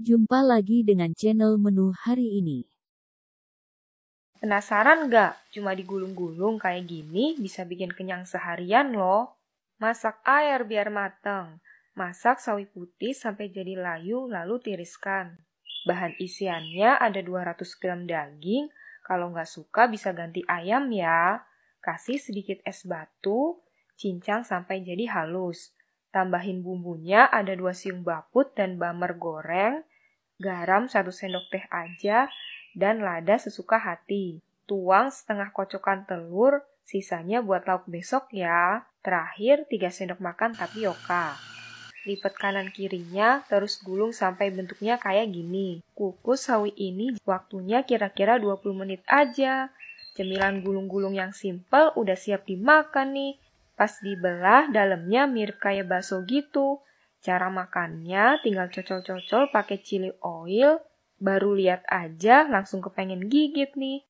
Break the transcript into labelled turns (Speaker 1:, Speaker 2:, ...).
Speaker 1: Jumpa lagi dengan channel menu hari ini.
Speaker 2: Penasaran gak? Cuma digulung-gulung kayak gini bisa bikin kenyang seharian loh. Masak air biar mateng. Masak sawi putih sampai jadi layu lalu tiriskan. Bahan isiannya ada 200 gram daging, kalau nggak suka bisa ganti ayam ya. Kasih sedikit es batu, cincang sampai jadi halus. Tambahin bumbunya ada 2 siung baput dan bamer goreng, garam 1 sendok teh aja, dan lada sesuka hati. Tuang setengah kocokan telur, sisanya buat lauk besok ya. Terakhir 3 sendok makan tapioka. Lipat kanan kirinya, terus gulung sampai bentuknya kayak gini. Kukus sawi ini waktunya kira-kira 20 menit aja. Cemilan gulung-gulung yang simple udah siap dimakan nih. Pas dibelah, dalamnya mirip kayak bakso gitu. Cara makannya tinggal cocol-cocol pakai chili oil, baru lihat aja langsung kepengen gigit
Speaker 3: nih.